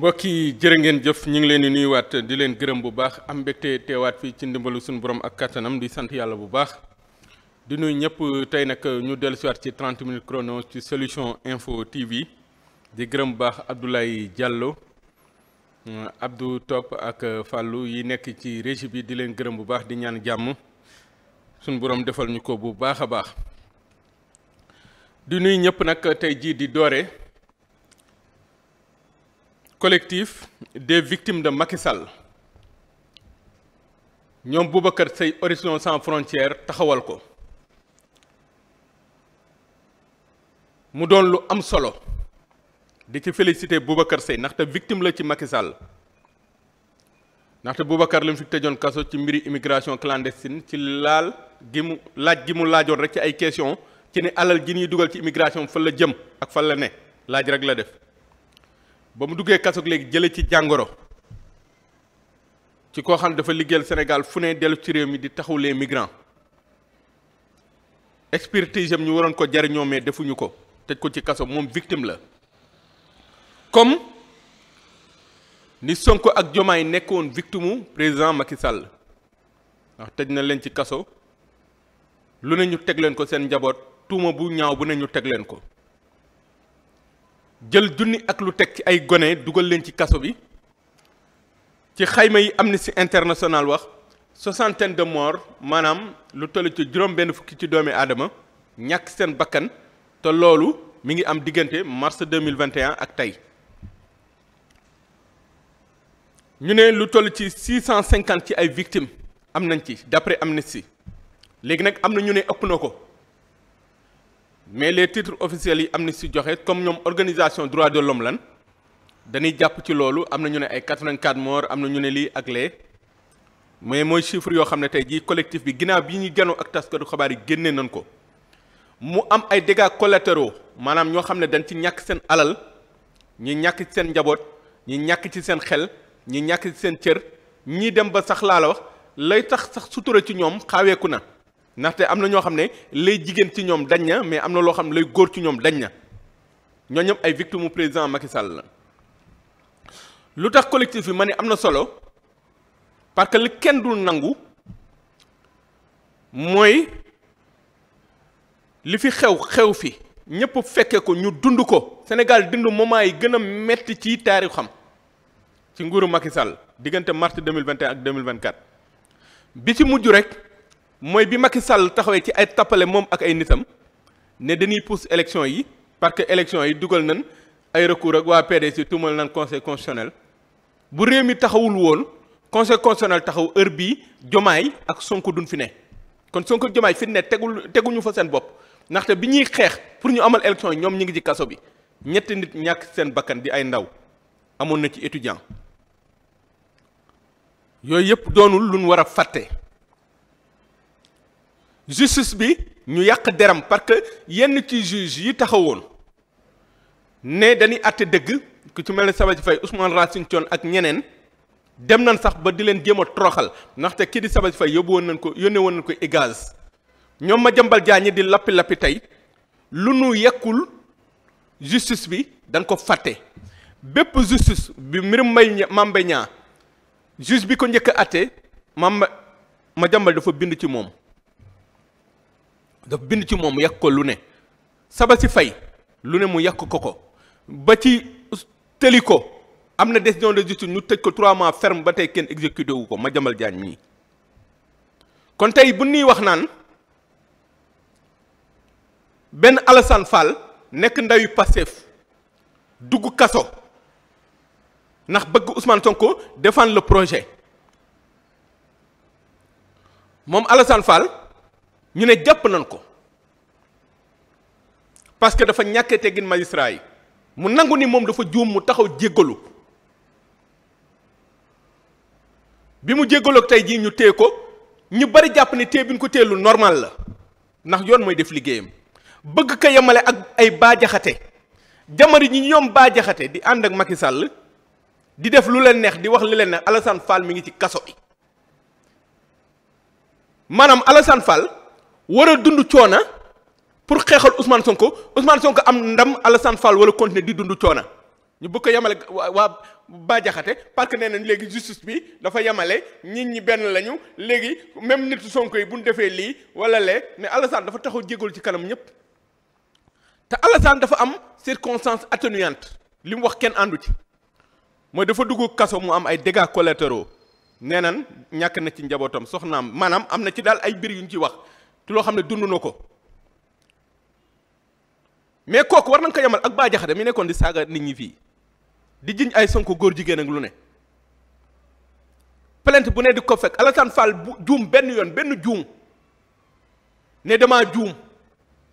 mbokk yi jërë ngeen jëf ñu ngi leen di nuyuwaat di leen gërëm bu baax am mbégte teewaat fii ci ndimbalu suñu borom ak kattanam di sant yàlla bu baax di nuyu ñëpp tey nag ñu dellusiwaat ci 30 minutes chrono ci solution info TV di gërëm bu baax Abdoulaye Diallo euh, Abdou Top ak Fallou yi nekk ci régie bi di leen gërëm bu baax di ñaan jàmm suñu borom defal ñu ko bu baax a baax di nuyu ñëpp nag tey jii di doore. collectif des victimes de Macky Sall ñoom Boubacar Seye Horizon Sans Frontières taxawal ko mu doon lu am solo di ci félicité Boubacar Seye ndaxte victime la ci Macky Sall ndaxte Boubacar li mu fi kaso ci mbiri immigration clandestine ci laal gi mu laaj gi mu laajoon rek ci ay question ci ne alal ji ñuy dugal ci immigration fan la jëm ak fan la ne laaj rek la def ba mu duggee kasoog léegi jële ci jàngoro ci koo xam dafa liggéeyal Sénégal fu ne dellu ci réew mi di taxaw les migrants expertise ñu waroon ko jariñoo mais defuñu ko tëj ko ci kaso moom victime la comme ni Sonko ak yi nekkoon victimu président Macky Sall ndax tëj na leen ci kaso lu ne ñu teg leen ko seen njaboot tuuma bu ñaaw bu ne ñu teg leen ko jël junni ak lu teg ci ay gone dugal leen ci kaso bi ci xayma yi Amnesty International wax soixantaine de morts maanaam lu toll ci juróom-benn fukki ci doomi aadama ñàkk seen bakkan te loolu mi ngi am diggante mars 2021 ak tey ñu ne lu toll ci 650 ci ay victimes am nañ ci d'après Amnesty léegi nag am na ñu ne ëpp na ko mais les titres officiels yi Amnesty joxe comme ñoom organisation droit de l'homme lan dañuy jàpp ci loolu am na ñu ne ay 84 morts am na ñu ne lii ak lee mais mooy chiffre yoo xam ne tey jii collectif bi ginnaaw bi ñuy ganoo ak taskatu xabaar yi génnee nañ ko mu am ay dégâts collatéraux maanaam ñoo xam ne dañ ci ñàkk seen alal ñi ñàkk ci seen njaboot ñi ñàkk ci seen xel ñi ñàkk ci seen cër ñii dem ba sax laa la wax lay tax sax sutura ci ñoom xaaweeku na ndaxte am na ñoo xam ne lay jigéen ci ñoom dañ na mais am na loo xam ne lay góor ci ñoom dañ na ñoo ay victime mu président Macky Sall la lu tax collectif bi ma ni am na solo parce que li kenn dul nangu mooy li fi xew xew fi ñëpp fekke ko ñu dund ko Sénégal dund moment yi gën a metti ci taarix xam ci nguuru Macky Sall diggante mars 2021 ak 2024 bi ci mujj rek mooy bi mag Sall taxawee ci ay tappale moom ak ay nitam ne dañuy pousse élection yi parce que élection yi dugal nañ ay recours ak waa PDS tuumal nañ conseil constitutionnel bu réew mi taxawul woon conseil constitutionnel taxaw heure bii jomaay ak Sonko duñ fi ne kon Sonko jomaay fi ne tegul teguñu fa seen bopp ndaxte bi ñuy xeex pour ñu amal élection yi ñoom ñu ngi ci kaso bi ñetti nit ñàkk seen bakkan di ay ndaw amoon na ci étudiant yooyu yëpp doonul luñ war a fàtte. justice bi ñu yàq deram parce que yenn ci juge yi taxawoon ne dañuy àtte dëgg ku ci mel ne Sabassy Faye Ousmane Racine ak ñeneen dem nañ sax ba di leen jéem a toroxal ndaxte kii di Sabassy Faye yóbbu woon nañ ko yónnee woon nañ ko igaz ñoom ma jëmbal jaañi di lappi lappi tey lu nu yekkul justice bi dañ ko fàtte bépp justice bi mbirum may Mame Mbaye Niang bi ko njëkk a àtte mam ma jàmbal dafa bind ci moom dafa bind ci moom mu yàq ko lu ne saba si fay lu ne mu yàq ko ko ba ci tëli ko am na décision de justice ñu tëj ko trois mois ferme ba tey kenn exécuté wu ko ma jamal jaan mii kon tey bu ñuy wax naan benn Alassane Fall nekk ndayu Pastef dugg kaso ndax bëgg Ousmane Sonko défendre le projet moom Alassane Fall ñu ne jàpp nañ ko parce que dafa ñàkkee teggin magistrat yi mu nangu ni moom dafa juum mu taxaw jéggalu bi mu jéggaloo tey jii ñu téye ko ñu bari jàpp ni téye bi ko téye lu normal la ndax yoon mooy def liggéeyam bëgg ko yemale ak ay baajaxate jamono ji ñoom baajaxate di ànd ak Macky Sall di def lu leen neex di wax li leen neex Alassane Fall mi ngi ci kaso bi maanaam Alassane Fall. war a dund coona pour xeexal Ousmane Sonko Ousmane Sonko am ndam Alassane Fall wala continuer di dundu coona ñu bëgg ko yemale waa Bah Diakhaté parce que nee nañ léegi justice bi dafa yemale nit ñi benn lañu léegi même nit sonk yi bu ñu defee lii wala lee ne Alassane dafa taxaw jégalu ci kanam ñëpp te Alassane dafa am circonstance atténuante li mu wax kenn àndu ci mooy dafa dugg kaso mu am ay dégâts collatéraux nee nan ñàkk na ci njabootam soxnaam maanaam am na ci daal ay mbir yu ñu ci wax. loo xam ne dund na ko mais kooku war nañ ko yamal ak Bah Diakhaté mi nekkoon di saaga nit ñi fii di jiñ ay Sonko góor jigéen ak lu ne plainte bu ne di ko fekk Alassane Fall bu juum benn yoon benn juum ne damaa juum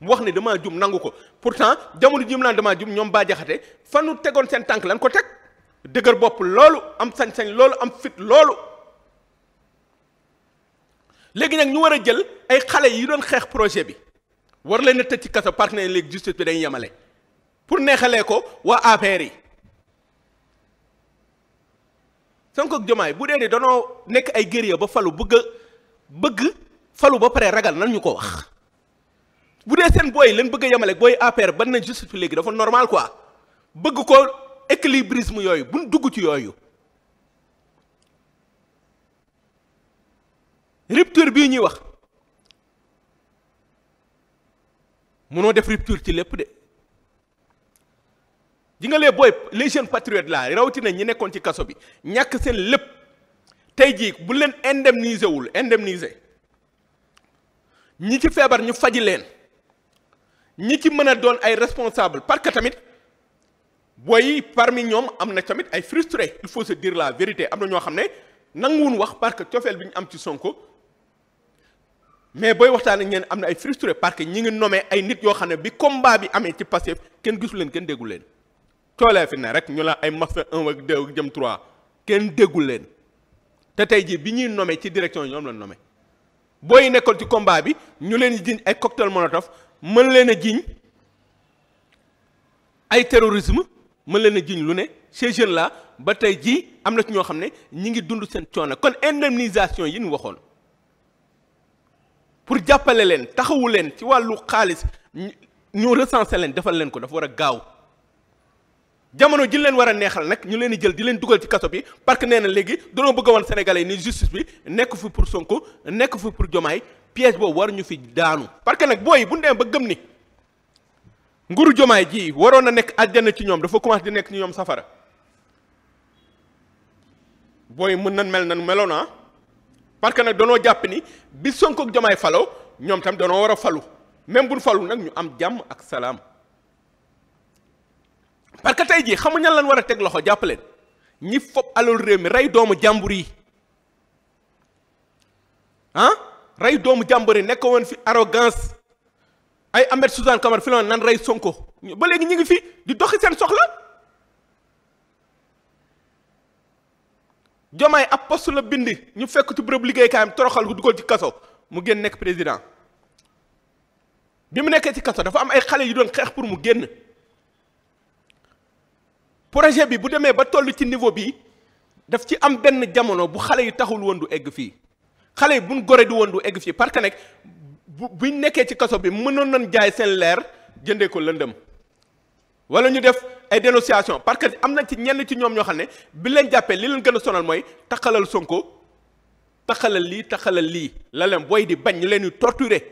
mu wax ne damaa juum nangu ko pourtant jamono jim laan damaa juum ñoom Bah Diakhaté fanu tegoon seen tànk lan ko teg dëgër bopp loolu am sañ-sañ loolu am fit loolu léegi nag ñu war a jël ay xale yi doon xeex projet bi war leen a tëj ci kaso parce léegi justice bi dañ yemale pour neexalee ko waa APR yi Sonko ak Diomaye bu dee ni danoo nekk ay guerrier ba falu bëgg a falu ba pare ragal nan ñu ko wax bu dee seen booy leen bëgg a yemale booy APR ban na justice bi léegi dafa normal quoi bëgg ko équilibrisme yooyu buñ dugg ci yooyu rupture bii ñuy wax mënoo def rupture ci lépp de ji nga lee booy les jeunes patriotes là rawatina ñi nekkoon ci kaso bi ñàkk seen lépp tey jii bu leen indemniser wul indemniser ñi ci feebar ñu faj leen ñi ci mën a doon ay responsable parce que tamit booy parmi ñoom am na tamit ay frustré il faut se dire la vérité am na ñoo xam ne nanguwun wax parce que cofeel bi ñu am ci Sonko mais booy waxtaan ak ñeen am na ay frustré parce que ñi ngi nommé ay nit yoo xam ne bi combat bi amee ci Pastef kenn gisuleen leen kenn déggu coolee fi ne rek ñu la ay mafia 1 ak 2 ak jëm 3 kenn déggu leen te tey jii bi ñuy nommé ci direction yi ñoom la nommé booy nekkoon ci combat bi ñu leen jiñ ay cocktail molotov mën leen a jiñ ay terrorisme mën leen a jiñ lu ne ces jeunes là ba tey jii am na ci ñoo xam ne ñi ngi dund seen coono kon indemnisation yi ñu waxoon pour jàppale leen taxawu leen ci wàllu xaalis ñu recensé leen defal leen ko dafa war a gaaw jamono ji leen war a neexal nag ñu leen jël di leen dugal ci kaso bi parce que nee na léegi danoo bëgg a woon sénégalais yi ni justice bi nekk fi pour Sonko nekk fi pour Jomaay piège boobu war ñu fi daanu. parce que nag booy bu ñu ba gëm ni nguru Jomaay ji waroon na nekk àjjana ci ñoom dafa commencé di nekk ñu ñoom safara booy mën nan mel nan meloon ah? parce que nag danoo jàpp ni bi Sonko ak falo ñoom tam danoo war a falu même buñ falu nag ñu am jàmm ak salaam parce que tey jii xamuñ lan war a teg loxo jàpp ñi fob alal réew mi rey doomu jàmbur yi ah doomu jàmbur yi nekk woon fi arrogance ay Ahmed Suzanne Camara fi nan rey Sonko ba léegi ñu ngi fi di doxi seen soxla. Diomaye ab post la bind ñu fekk ci bërëb liggéeykaayam toroxal ko dugal ci kaso mu génn nekk président bi mu nekkee ci kaso dafa am ay xale yu doon xeex pour mu génn projet bi bu demee ba toll ci niveau bi daf ci am benn jamono bu xale yi taxul woon du egg fii xale yi buñ gore di woon du egg fii parce que nag bu buñ nekkee ci kaso bi mënoon nañ jaay seen leer jëndee ko lëndëm wala ñu def ay dénonciation parce que am na ci ñenn ci ñoom ñoo xam ne bi leen jàppee li leen gën a sonal mooy taxalal Sonko taxalal lii taxalal lii la leen booy di bañ ñu leen di torturer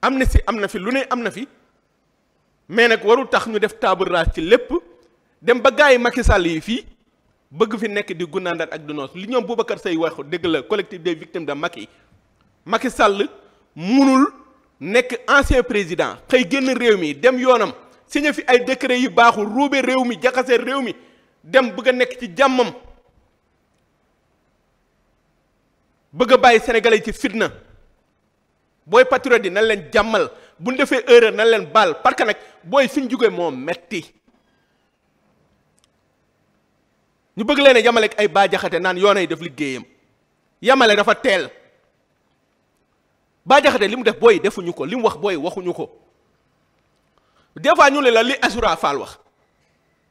am na si am na fi lu ne am na fi mais nag warul tax ñu def table rase ci lépp dem ba gars yi Macky Sall yi fii bëgg fi nekk di gunnaandaat ak du noos li ñoom Boubacar Seye wax dëgg la collectif des victimes de Macky Macky Sall munul. nekk ancien président xëy génn réew mii dem yoonam signé fi ay décret yu baaxul ruube réew mi jaxase réew mi dem bëgg a nekk ci jàmmam bëgg a bàyyi sénégalais yi ci fitna booy patriote yi nan leen jàmmal bu ñu defee erreur nan leen baal parce que nag booy fi ñu jugee moo metti ñu bëgg leen a yamale ak ay baajaxate naan yoonay def liggéeyam yamale dafa teel. Bah Diakhaté li mu def booy defuñu ko li mu wax booy waxuñu ko des fois la li Azoura Fall wax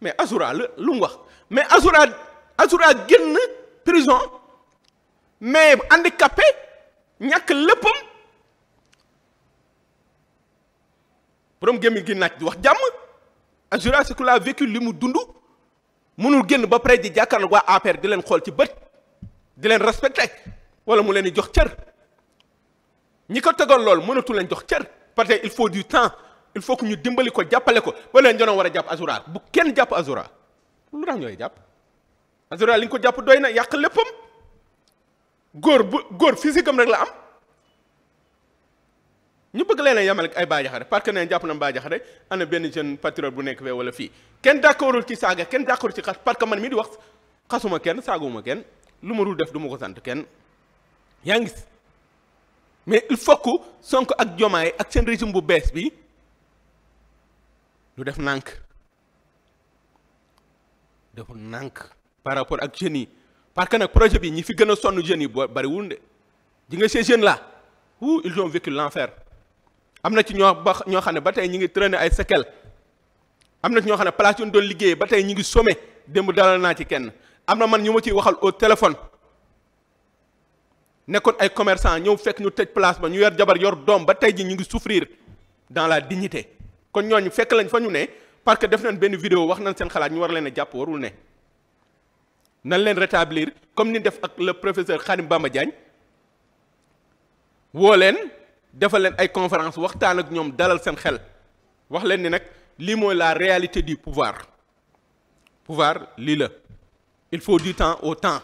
mais Azoura la lu mu wax mais Azoura Azoura génn prison mais handicapé ñàkk léppam borom gémmi gi naaj di wax jàmm Azoura c'est que la vécu li mu dund mënul génn ba pare di jàkkaarloo waa APR di leen xool ci bët di leen respecté wala mu leen di jox cër. ñi ko tegoon loolu mënatu leen jox cër parce que il faut du temps il faut que ñu dimbali ko jàppale ko ba leen doon war a jàpp Azura bu kenn jàpp Azura lu tax ñooy jàpp Azura li ñu ko jàpp doy na yàq léppam góor bu góor physique am rek la am ñu bëgg leen a yemal ay baajaxare parce que nee jàpp na baajaxare ana benn jeune patriote bu nekk fee wala fii kenn d'accordul ci saaga kenn d'accordul ci xas parce que man mii di wax xasuma kenn saaguma kenn lu ma def du ma ko sant kenn yaa ngi gis mais il faut que Sonko ak Diomaye ak seen régime bu bees bi lu def nànk defu nànk par rapport ak jeunes yi parce que nag projet bi ñi fi gën a sonn jeunes yi bariwul de ji nga ces jeunes la ou ils ont vécu l'enfer am na ci ñoo ba ñoo xam ne ba tey ñu ngi traîner ay séquelles am na ci ñoo xam ne place yu ñu doon liggéeyee ba tey ñu ngi sommet démb dalal naa ci kenn am na man ñu ma ciy waxal au téléphone nekkoon ay commercant ñëw fekk ñu tëj place ba ñu yor jabar yor doom ba tey ji ñu ngi souffrir dans la dignité kon ñooñu fekk lañ fa ñu ne parce que def nañ benn vidéo wax nañ seen xalaat ñu war leen jàpp warul ne nan leen rétablir comme ni def ak le professeur Khadim Bamba Diagne woo leen defal leen ay conférence waxtaan ak ñoom dalal seen xel wax leen ni nag lii mooy la réalité du pouvoir pouvoir lii la il faut du temps au temps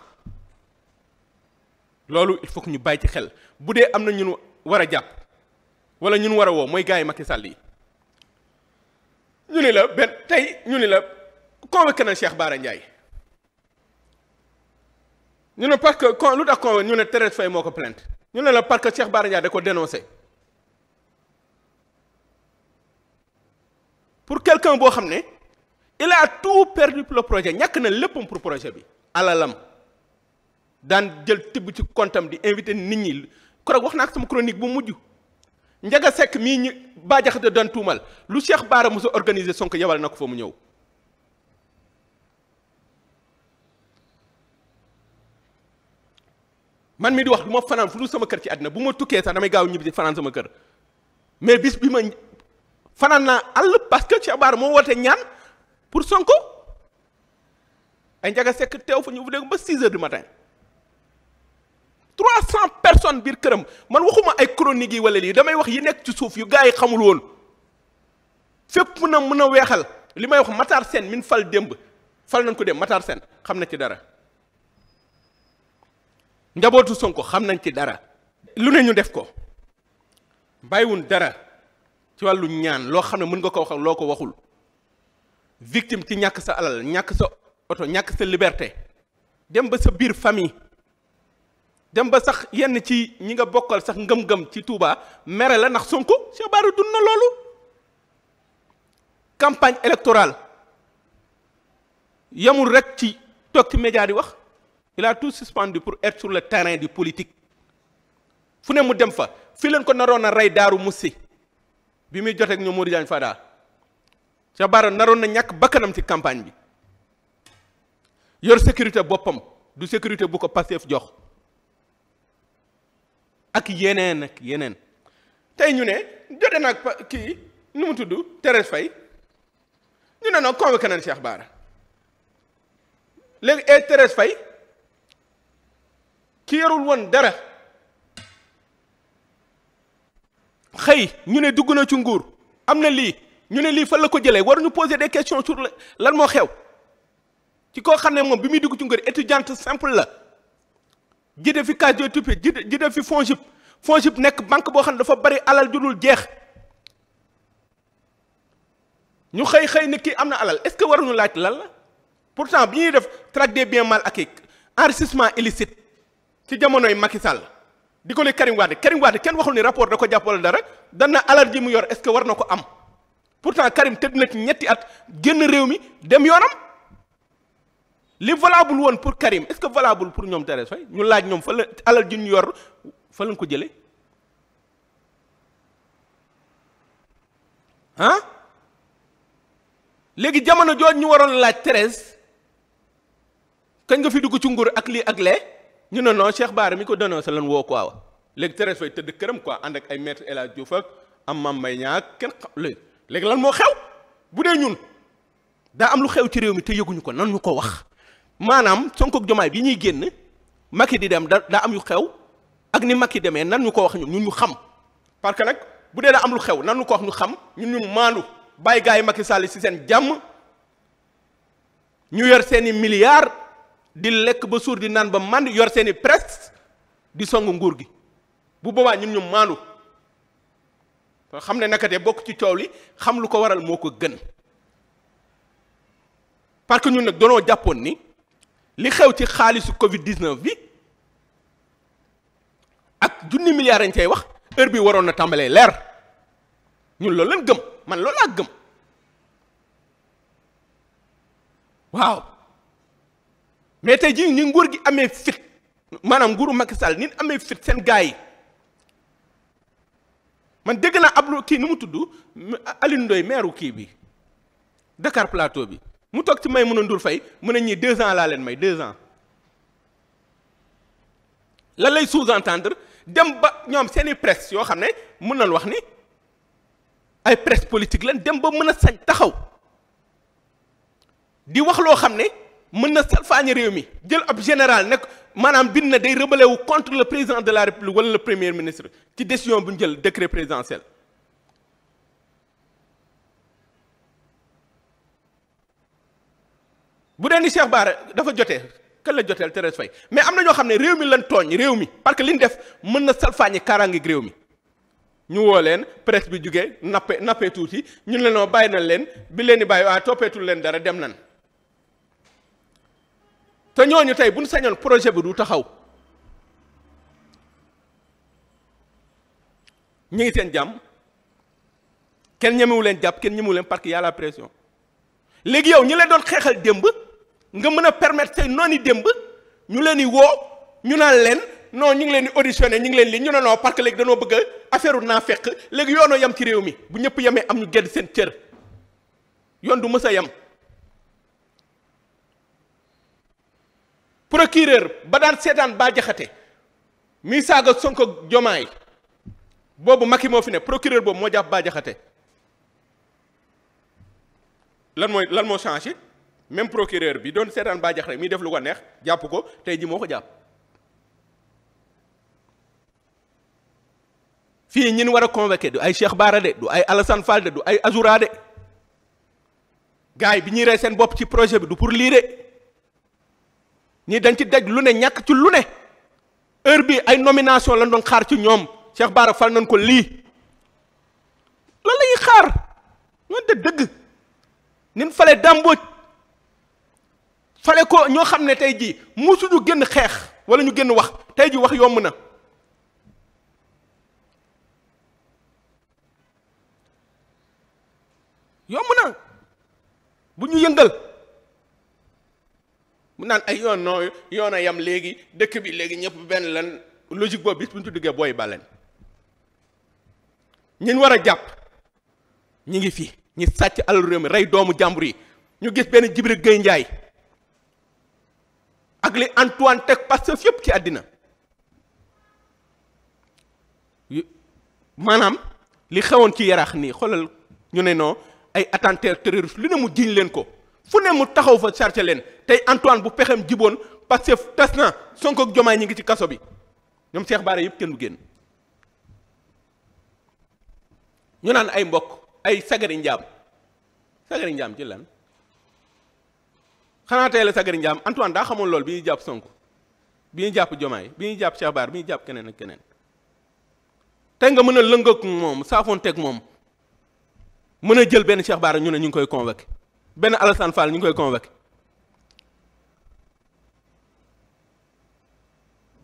loolu il faut que ñu bàyyi ci xel bu dee am na ñun war a jàpp wala ñun war a woo mooy gars yi Macky Sall yi ñu ni la benn tey ñu ni la convoqué na Cheikh Bara Ndiaye ñu ne parce que kon lu tax convoqué ñu ne Thérèse fay moo ko plainte ñu ne la parce que Cheikh Bara Ndiaye da ko dénoncé pour quelqu'un boo xam ne il a tout perdu pour projet ñàkk na léppam pour projet bi alalam daan jël tibb ci kontam di invité nit ñi keroog wax naa ak sama chronique bu mujj Njaga Seck mii ñu Bah Diakhaté daan tuumal lu Cheikh Bara mos a organisé Sonko yebal na ko fa mu ñëw. man mi di wax du ma fanaan fu dul sama kër ci àddina bu ma tukkee sax damay gaaw ñibbi ci fanaan sama kër mais bis bi ma fanaan naa àll parce que Cheikh Bara moo wootee ñaan pour Sonko ay Njaga Seck teew fa ñu bu dégg ba 6 heures du matin. trois cent personnes biir këram man waxuma ay chroniques yi wala lii damay wax yi nekk ci suuf yu gars yi xamul woon fépp mën a weexal li may wax Matar Sène min fal démb fal nañ ko dem Matar seen xam na ci dara njabootu Sonko xam nañ ci dara lu ne ñu def ko bàyyiwun dara ci wàllu ñaan loo xam ne mën nga ko wax loo ko waxul victime ci ñàkk sa alal ñàkk sa oto ñàkk sa liberté dem ba sa biir famille dem ba sax yenn ci ñi nga bokkal sax ngëm-ngëm ci Touba mere la ndax Sonko Cheikh Bara dund na loolu campagne électorale yamul rek ci toog ci média di wax il a tout suspendu pour être sur le terrain di politique fu ne mu dem fa fi leen ko naroon na rey daaru mussi bi muy joteeg ñoom Modou Diagne Fada Cheikh Bara naroon na ñàkk bakkanam ci campagne bi yor sécurité boppam du sécurité bu ko Pastef jox ak yeneen ak yeneen tey ñu ne jote nag kii nu mu tudd Thérèse fay ñu ne nag convoqué nañ Cheikh Bara léegi et eh, Thérèse Faye ki yarul woon dara xëy ñu ne dugg na ci nguur am na lii ñu ne lii fa la ko jëlee war ñu poser des questions sur lan moo xew ci koo xam ne moom bi muy dugg ci nguur étudiante simple la JDFICAS tupi JDF FONGIP FONGIP nekk banque boo xam ne dafa bari alal ju dul jeex ñu xëy xëy ni kii am na alal est-ce que waruñu laaj lan la pour pourtant bi ñuy def traque des biens mal acquis enrichissement illicite ci jamonoy Macky Sall di ko ne Karim Wade Karim Wade kenn waxul ni rapport da ko jàppale wala dara dana alal ji mu yor est-ce que war na ko am pour pourtant Karim tëdd na ci ñetti at génn réew mi dem yoonam. li valable woon pour Karim est-ce que valable pour ñoom Thérèse Faye ñu laaj ñoom fa la alal ji ñu yor fa lañ ko jëlee ah léegi jamono jooju ñu waroon laaj Thérèse kañ nga fi dugg ci nguur ak lii ak lee ñu ne non Cheikh Bara mi ko dénoncé lan woo quoi léegi Thérèse Faye tëdd këram quoi ànd ak ay maître El Hadj ak am Mame Mbaye Niang kenn xam léegi lan moo xew bu dee ñun daa am lu xew ci réew mi te yëguñu ko nan ñu ko wax. maanaam sonk ak Jomaay bi ñuy génn Macky di dem da daa am yu xew ak ni Macky demee nan ñu ko wax ñun ñun ñu xam parce que nag bu dee daa am lu xew nan ñu ko wax ñu xam ñun ñu maandu bàyyi gars yi Macky Sall si seen jàmm ñu yor seen i milliards di lekk ba suur di naan ba mànd yor seeni i di song nguur gi bu boobaa ñun ñu maandu xam ne naka de bokk ci coow li xam lu ko waral moo ko gën parce que ñun nag doonoo jàppoon ni. li xew ci xaalisu Covid 19 bi ak junni milliards lañ cay wax heure bi waroon na tàmbalee leer ñun lool lañ gëm man loolu laa gëm waaw mais tey jii ni nguur gi amee fit maanaam nguuru Macky Sall ni amee fit seen gars yi man dégg naa ab kii nu mu tudd Alioune Ndoye kii bi Dakar Plateau bi. mu toog ci may mën a ndur fay mun a ñii deux ans laa leen may deux ans lan lay sous-entendre dem ba ñoom seeni presse yoo xam ne mën nañ wax ni ay presse politique lan dem ba mën a sañ taxaw di wax loo xam ne mën na salfaañe réew mi jël ab général nekk maanaam bind na day rebellé wu contre le président de la république wala le premier ministre ci décision bu ñu jël décret présidentiel bu dee ni Cheikh Bara dafa jotee kan la joteel Thérèse Faye mais am na ñoo xam ne réew mi leen tooñ réew mi parce que li ñu def mën na salfaañi kaaraangeeg réew mi ñu woo leen presse bi jugee nappe nappee tuuti ñun la noo bàyyi nañ leen bi leen di bàyyi waa toppeetul leen dara dem nan te ñooñu tey buñ sañoon projet bi du taxaw ñu ngi seen jàmm kenn ñemewu leen jàpp kenn ñemewu leen park yàlla y a la léegi yow ñu leen doon xeexal démb. nga mën a permettre say noonu démb ñu leen di woo ñu naan leen non ñu ngi leen di auditionné ñu ngi leen li ñu ne non parce que léegi danoo bëgg a affaire naa fekk léegi yoonoo yem ci réew bu ñëpp yemee am ñu gedd seen cër yoon du mës a yem. procureur ba daan seetaan baa jaxate mi saaga Sonko jomaay boobu yi moo fi ne procureur boobu moo jàpp baa lan mooy lan moo changé. même procureur bi doon seetaan Bah Diakhaté mi def lu ko neex jàpp ko tey ji moo ko jàpp fii ñin war a convoqué du ay Cheikh Bara de du ay alasan Fall de du ay Azoura de gars yi bi ñuy rey seen bopp ci projet bi du pour lii de ñii dañ ci daj lu ne ñàkk ci lu ne heure bi ay nomination lañ doon xaar ci ñoom Cheikh Bara fal nañ ko lii loolu lañuy xaar ñoon dëgg nin fale dàmbooj fale ko ñoo xam ne tey jii musuñu génn xeex wala ñu génn wax tey jii wax yomb na yomb na bu ñu yëngal mu naan ay yoon noo yoon a yam léegi dëkk bi léegi ñëpp benn lan logique boobu bis bu ñu ci booy bàlleen ñiñ war a jàpp ñi ngi fi ñi sàcc alal réew mi rey doomu jàmbur yi ñu gis benn Jibril Gueye Ndiaye ak li Antoine teg Pastef yëpp ci àddina maanaam li xewoon ci yaraax nii xoolal ñu ne noo ay attentat terroriste lu ne mu jiñ leen ko fu ne mu taxaw fa chargé leen tey Antoine bu pexem jiboon Pastef tas na sonk ak Jomaay ñi ngi ci kaso bi ñoom Cheikh Bara yëpp kenn du génn ñu naan ay mbokk ay sagari njaam sagari njaam ji lan xanaatee tey la sagari njaam Antoine daa xamoon loolu bi ñuy jàpp Sonko bi ñu jàpp Jomaay bi ñuy jàpp Cheikh Bara bi ñuy jàpp keneen ak keneen tey nga mën a lëngoog moom saafoonteeg moom mën a jël benn Cheikh Bara ñu ne ñu ngi koy convoqué benn Alassane Fall ñu ngi koy convoqué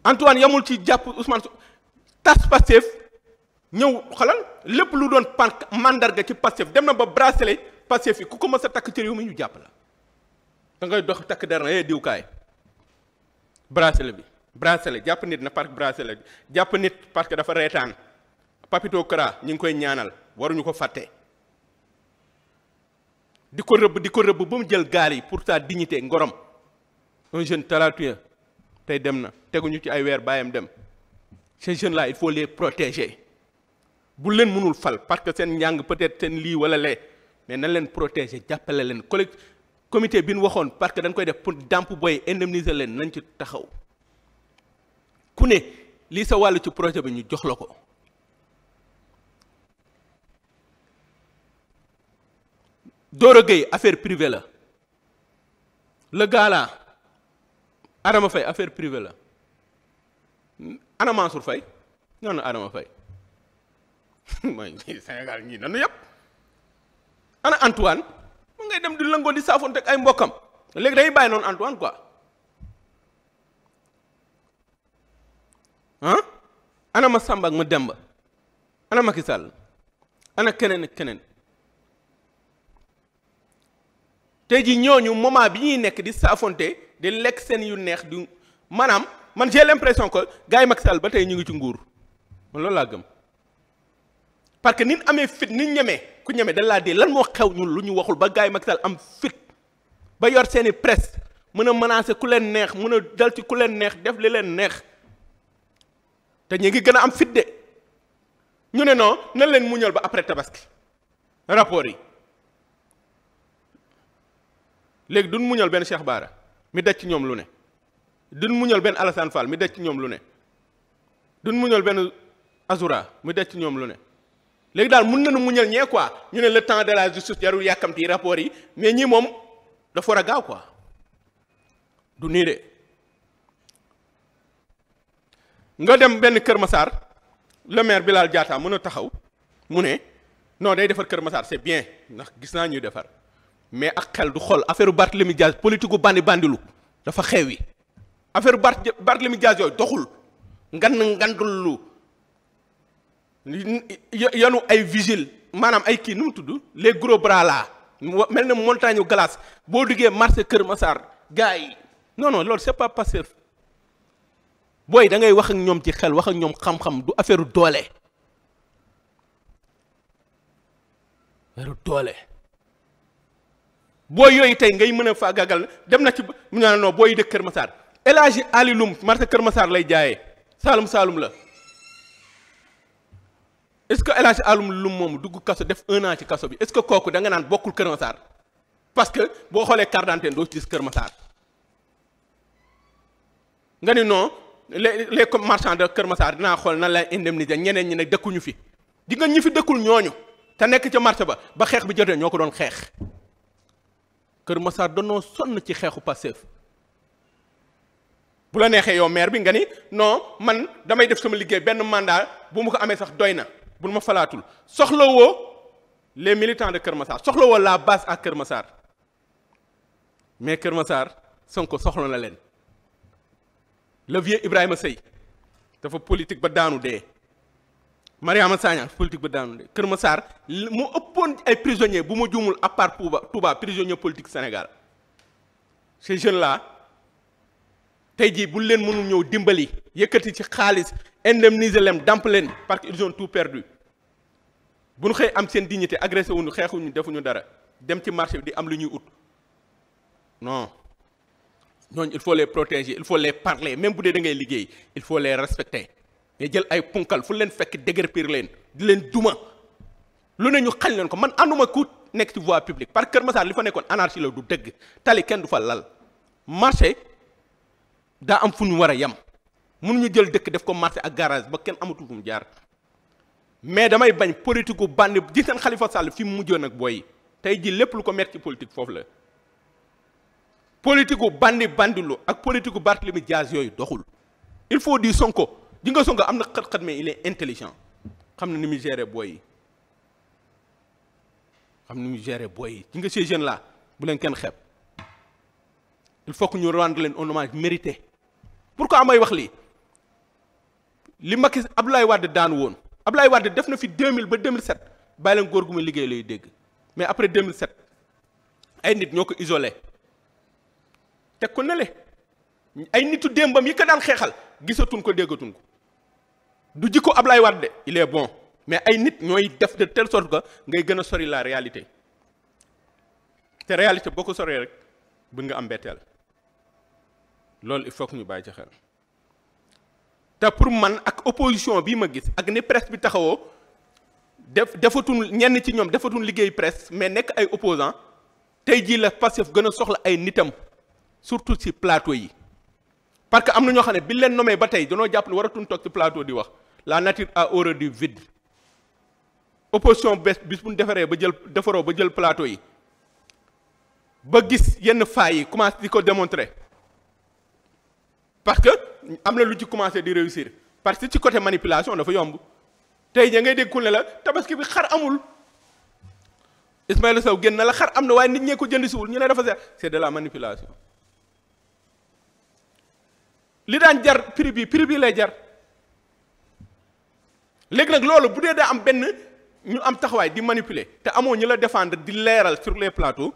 Antoine yamul ci jàpp Ousmane tas Pastef ñëw xalal lépp lu doon pan mandarga ci Pastef dem na ba bracelet Pastef yi ku ko mës a takk ci réew mi ñu jàpp la da ngay dox takk dara na yee eh, diwkaay bracelet bi bracelet jàpp nit na parce que bracelet jàpp nit parce que dafa reetaan papito kara ñu ngi koy ñaanal waruñu ko fàtte di ko rëbb di ko rëbb ba mu jël gaal yi pour sa dignité ngorom un jeune talentueux tey dem na teguñu ci ay weer bàyyam dem ces jeune là il faut les protéger bu leen mënul fal parce que seen njàng peut-être seen lii wala lee mais na leen protéger jàppale leen collecte comité bi nu waxoon parce que dañ koy def pour dàmp booy indemniser leen nañ ci taxaw ku ne lii sa wàllu ci projet bi ñu jox la ko Doro Gueye affaire privée la le gars là Adama Faye affaire privée la ana Mansour Faye non non Adama Faye mooy Sénégal ñii nanu yëpp ana Antoine mu ngay dem di lëngoo di saafoonte ak ay mbokkam léegi dañuy bàyyi noonu Antoine quoi ah ana ma Samba ak ma Demba ana Macky Sall ana keneen ak keneen tey ji ñooñu moment bi ñuy nekk di saafonte di lekk seen yu neex du maanaam man j'ai l'impression que gars yi Macky Sall ba tey ñu ngi ci nguur man loolu laa gëm parce que nit amee fit nit ñemee ku ñeme dañ laa dee lan moo xew ñun lu ñu waxul ba gars yi am fit ba yor seeni presse mën a menacer ku leen neex mën a dal ci ku leen neex def li leen neex te ñu ngi gën a am fit de ñu ne non na leen muñal ba après tabaski rapport yi léegi dun muñal benn Cheikh Bara mi daj ci ñoom lu ne dun muñal benn Alassane Fall mi daj ci ñoom lu ne duñ muñal benn Azoura mi daj ci ñoom lu ne léegi daal mun na nañu muñal ñee quoi ñu ne la temps de la justice jarul yàkkamti rapport yi mais ñii moom dafa war a gaaw quoi du nii de nga dem benn Kër Massar le bi Bilal jaata mën a taxaw mu ne non day defar Kër Massar c'est bien ndax gis naa ñuy defar mais ak xel du xool affaire Barthélémy Dias politique gu bandi bandilu dafa xew yi affaire Bart Barthélémy Dias yooyu doxul ngan ngandul lu yanu ay vigile maanaam ay kii nu mu tudd les gros bras mel na montagne u glace boo duggee marché Kër Massar gars yi non non loolu c'est pas booy da ngay wax ak ñoom ci xel wax ak ñoom xam-xam du affaire doole. affaire doole booy yooyu tey ngay mën a faagaagal dem na ci mu ne non booy dëkk Kër masaar El alilum Ali Kër masaar lay jaayee Saalum Saalum la. est ce que El Hadj Alioum Loum dugg kaso def un an ci kaso bi est ce que kooku da naan bokkul Kër Massar parce que boo xoolee carte d'identité doo ci gis Kër Massar nga ni non les les marchands de Kër masaar dinaa xool nan lay indemniser ñeneen ñi ne ñu fi di ñu fi dëkkul ñooñu te nekk ca marché ba ba xeex bi jotee ñoo ko doon xeex Kër Massar danoo sonn ci xeexu Pastef bu la neexee yow maire bi nga ni non man damay def sama liggéey benn mandat bu mu ko amee sax doy na. bu ma falaatul soxlawoo les militants de Kër Massar soxlawoo la base à Kër Massar mais Kër Massar Sonko soxla na leen le vieux Ibrahima Seye dafa politique ba daanu dee Mariama Sagna politique ba daanu dee Kër Massar mu ëppoon ay prisonniers bu ma juumul à part Touba Touba prisonnier politique Sénégal ces jeune la tey jii bu leen mënul ñëw dimbali yëkkati ci xaalis indemniser leen damp leen parce qu'ils ont tout perdu bu ñu xëy am seen dignité agressé wuñu xeexuñu defuñu dara dem ci marché bi di am lu ñuy ut non ñooñu il faut les protéger il faut les parler même bu dee dangay liggéey il faut lee respecter mais jël ay punkal fu leen fekk piir leen di leen duma lu ne ñu xañ leen ko man ànduma ku nekk ci voie publique par que Kër Massar li fa nekkoon anarchie la du dëgg tali kenn du fa lal marché daa am fu ñu war a yem ñu jël dëkk def ko marché ak garage ba kenn amatul fu jaar. mais damay bañ politique gu bànn gis seen Khalifa Sall fi mu mujjoon ak booy tey ji lépp lu ko metti ci politique foofu la politique gu bandi bandilu ak politique gu Barthélemy Dias yooyu doxul il faut di Sonko ji nga Sonko am na xët-xët mais il est intelligent xam na ni muy gérer booy yi xam na ni muy gérer booy yi ji nga ces jeunes là bu leen kenn xeeb il faut ñu rendre leen un hommage mérité pourquoi amay wax li li Macky Abdoulaye Wade daan woon Ablaye Wade def na fi 2000 ba 2007 bàyyi leen góor gu ma liggéey lay dégg mais après 2007 ay nit ñoo ko isole teg ko ne ay nitu démbam yi ko daan xeexal gisatuñ ko déggatuñ ko du jikko Ablaye Wade de il est bon mais ay nit ñooy def de telle sorte que ngay gën a sori la réalité te réalité boo ko soree rek bu nga am mbetteel loolu il foog ñu bàyyi ci xel. te pour man ak opposition bii ma gis ak ni presse bi taxawoo def defatul ñenn ci ñoom defatul liggéey presse mais nekk ay opposant tey jii la Pastef gën a soxla ay nitam surtout ci plateau yi parce que am na ñoo xam ne bi leen nommé ba tey danoo jàpp ne waratuñ toog ci plateau di wax la nature a horreur du vide opposition bés bis bu ñu defaree ba jël defaroo ba jël plateau yi ba gis yenn failles yi commencé di ko démontrer parce que am na lu ci commencé di réussir parce que ci côté manipulation dafa yomb tey ña ngay dégg ku ne la tabaski bi xar amul Ismaïla Sow génn na la xar am na waaye nit ñee ko jënd siwul ñu ne dafa seet c'est de la manipulation li daan jar prix bi prix bi lay jar léegi nag loolu bu dee daa am benn ñu am taxawaay di manipuler te amoo ñu la défendre di leeral sur les plateau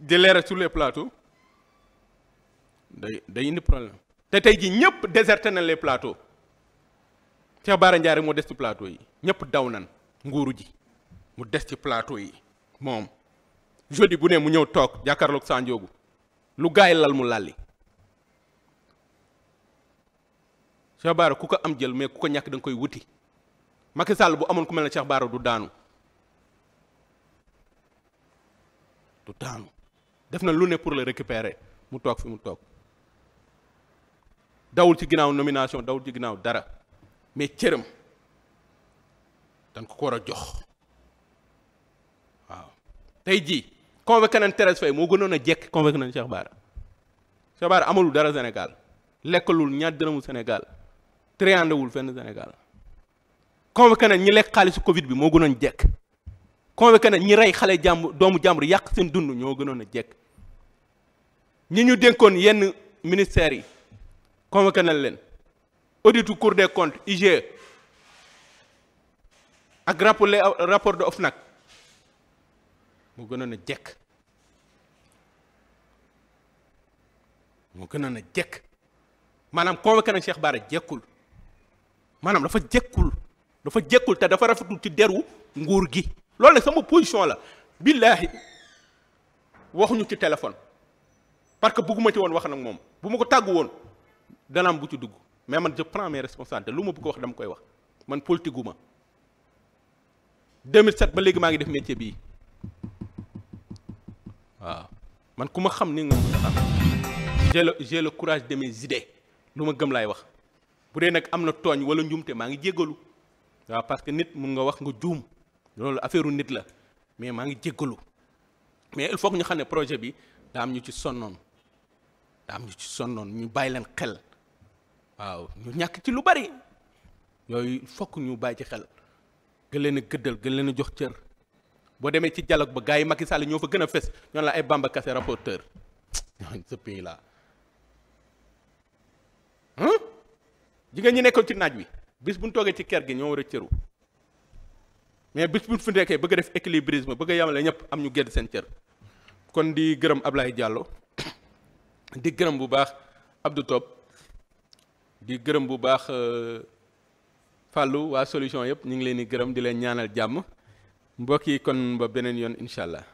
di leeral sur les plateau day day problème te tey ji ñëpp déserté na les plateaux Cheikh Bara Ndiaye moo des ci yi ñëpp daw nan nguuru ji mu des ci plateau yi moom jeudi bu ne mu ñëw toog jàkkaarloog Sanjoogu lu gaay lal mu lalli Cheikh Bara ku ko am jël mais ku ko ñàkk da koy wuti Macky sàll bu amoon ku mel na Cheikh Bara du daanu du daanu def na lu ne pour la récupérer mu toog fi mu toog dawul ci ginnaaw nomination dawul ci ginnaaw dara mais cëram dañ ko war a jox waaw tey jii convoqué nañ Thérèse moo gënoon a jekk convoqué nañ Cheikh Bara Cheikh Bara amalul dara Sénégal lekkalul ñaar dërëmu Sénégal triandewul fenn Sénégal convoqué nañ ñi lekk xaalisu Covid bi moo gënoon jekk convoqué ñi rey xale jàmb doomu jàmbur yàq seen dund ñoo gënoon a jekk ñi ñu dénkoon yenn ministères yi convoqué nañ leen auditu cour de comptes IGE ak rappelé rapport de OFNAC mu gënoon a jekk mu gënoon a jekk maanaam convoqué nañ Cheikh Bara jekkul maanaam dafa jekkul dafa jekkul te dafa rafetul ci deru nguur gi loolu nag sama position la billaahi waxuñu ci téléphone parce que bëgguma ci woon wax nag moom bu ma ko tàggu woon dana am bu ci dugg mais man je prends mes responsabilités lu ma bëgg wax dama koy wax man politique gu ma 2007 ba léegi maa ngi def métier bii waaw man ku ma xam ni nga mën a xam j'ai le j'ai le courage de mes idées lu ma gëm laay wax bu dee nag am na tooñ wala njuumte maa ngi jéggalu waaw parce que nit mun nga wax nga juum loolu affaire nit la mais maa ngi jéggalu mais il faut que ñu xam ne projet bi daa am ñu ci sonnoon daa am ñu ci sonnoon ñu bàyyi leen xel. waaw ñu ñàkk ci lu bari yooyu fokk ñu bàyyi ci xel gën leen a gëddal gën leen jox cër boo demee ci dialogue ba gars yi i Sall ñoo fa gën a fes ñoo la ay Bamba Kassé rapporteur ñooñu ce pays là jigéen ñi nekkoon ci naaj wi bis bu ñu toogee ci ker gi ñoo war a cëru mais bis bu ñu fi nekkee bëgg a def équilibrisme bëgg a yamale ñëpp am ñu gedd seen cër kon di gërëm Ablaye Diallo di gërëm bu baax Abdou Top di gërëm bu baax euh, Fallou waa solution yëpp ñu ngi leen di gërëm di leen ñaanal jàmm mbokk yi kon ba beneen yoon incha allah.